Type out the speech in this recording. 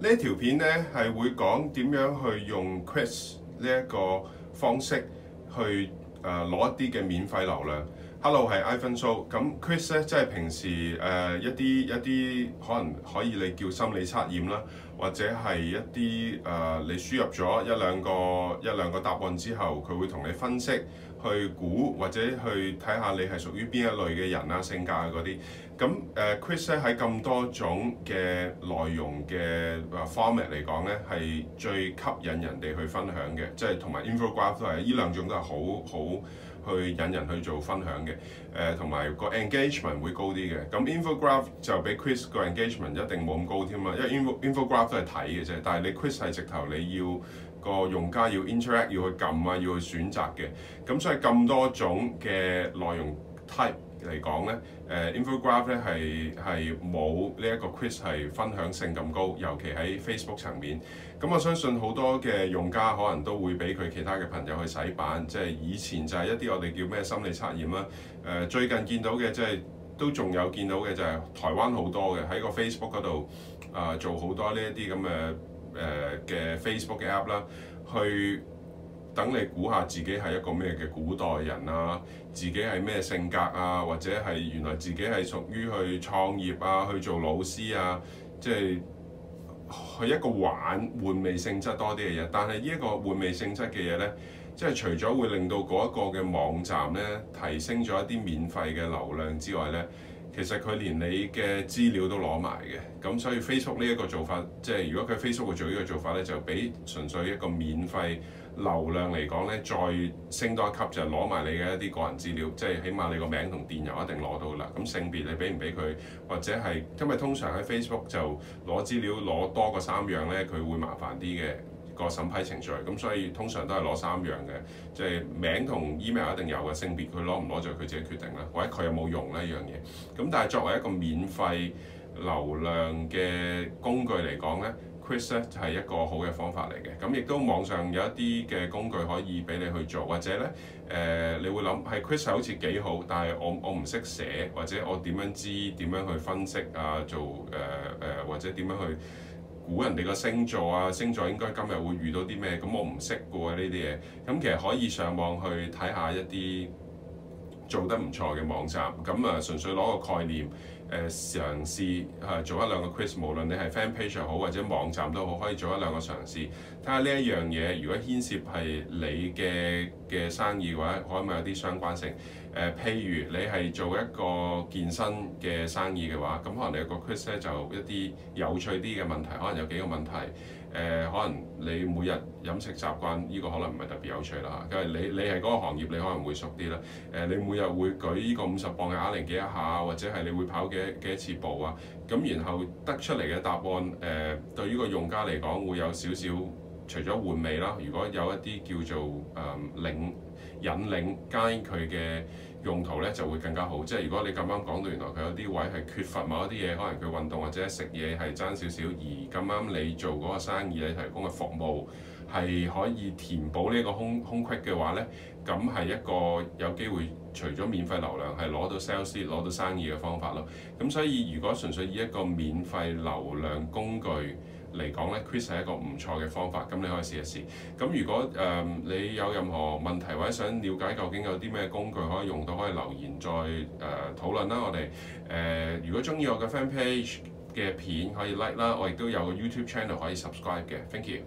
呢條片呢係會講點樣去用 Quiz 呢一個方式去誒攞、呃、一啲嘅免費流量。Hello 係 iPhone Show，咁 Quiz 呢，即係平時誒、呃、一啲一啲可能可以你叫心理測驗啦，或者係一啲誒、呃、你輸入咗一兩個一兩個答案之後，佢會同你分析。去估或者去睇下你係屬於邊一類嘅人啊，性格嗰啲咁誒，Chris 喺咁多種嘅內容嘅 format 嚟講咧，係最吸引人哋去分享嘅，即係同埋 infographic 都係，呢兩、嗯、種都係好好。去引人去做分享嘅，誒同埋個 engagement 會高啲嘅。咁 infograph 就比 quiz 個 engagement 一定冇咁高添啦，因為 infograph 都係睇嘅啫，但係你 quiz 係直頭你要個用家要 interact，要去撳啊，要去選擇嘅。咁所以咁多種嘅內容。type 嚟講咧，誒 infograph 咧係係冇呢一個 quiz 係分享性咁高，尤其喺 Facebook 層面。咁我相信好多嘅用家可能都會俾佢其他嘅朋友去洗版，即係以前就係一啲我哋叫咩心理測驗啦。誒最近見到嘅即係都仲有見到嘅就係台灣好多嘅喺個 Facebook 嗰度啊、呃，做好多呢一啲咁嘅誒嘅、呃、Facebook 嘅 app 啦，去。等你估下自己係一個咩嘅古代人啊，自己係咩性格啊，或者係原來自己係屬於去創業啊，去做老師啊，即係係一個玩玩味性質多啲嘅嘢。但係呢一個玩味性質嘅嘢咧，即係除咗會令到嗰一個嘅網站咧提升咗一啲免費嘅流量之外咧。其實佢連你嘅資料都攞埋嘅，咁所以 Facebook 呢一個做法，即係如果佢 Facebook 會做呢個做法咧，就俾純粹一個免費流量嚟講咧，再升多一級就攞埋你嘅一啲個人資料，即係起碼你個名同電郵一定攞到啦。咁性別你俾唔俾佢，或者係因為通常喺 Facebook 就攞資料攞多過三樣咧，佢會麻煩啲嘅。個審批程序，咁所以通常都係攞三樣嘅，即係名同 email 一定有嘅，性別佢攞唔攞就佢自己決定啦。或者佢有冇用咧呢樣嘢？咁但係作為一個免費流量嘅工具嚟講咧，Quiz 咧就係一個好嘅方法嚟嘅。咁亦都網上有一啲嘅工具可以俾你去做，或者咧誒，你會諗係 Quiz 好似幾好，但係我我唔識寫，或者我點樣知點樣去分析啊？做誒誒或者點樣去？估人哋個星座啊，星座應該今日會遇到啲咩？咁我唔識㗎呢啲嘢，咁其實可以上網去睇下一啲做得唔錯嘅網站，咁啊純粹攞個概念。誒嘗試嚇，做一兩個 quiz，無論你係 fan page 好或者網站都好，可以做一兩個嘗試，睇下呢一樣嘢如果牽涉係你嘅嘅生意嘅話，可唔可以有啲相關性？誒、呃，譬如你係做一個健身嘅生意嘅話，咁可能你個 quiz 咧就一啲有趣啲嘅問題，可能有幾個問題。誒、呃，可能你每日飲食習慣呢個可能唔係特別有趣啦。咁、啊就是、你你係嗰個行業，你可能會熟啲啦。誒、呃，你每日會舉呢個五十磅嘅啞鈴幾一下，或者係你會跑幾？嘅嘅一次步啊，咁然後得出嚟嘅答案，誒、呃，對於個用家嚟講會有少少，除咗換味啦，如果有一啲叫做誒、呃、領引領領佢嘅用途咧，就會更加好。即係如果你咁啱講到原來佢有啲位係缺乏某一啲嘢，可能佢運動或者食嘢係爭少少，而咁啱你做嗰個生意，你提供嘅服務。係可以填補呢個空空隙嘅話呢，咁係一個有機會除咗免費流量係攞到 sales 攞到生意嘅方法咯。咁所以如果純粹以一個免費流量工具嚟講，Quiz 係一個唔錯嘅方法。咁你可以試一試。咁如果誒、呃、你有任何問題或者想了解究竟有啲咩工具可以用到，可以留言再誒、呃、討論啦。我哋誒、呃、如果中意我嘅 fan page 嘅片可以 like 啦，我亦都有個 YouTube channel 可以 subscribe 嘅。Thank you。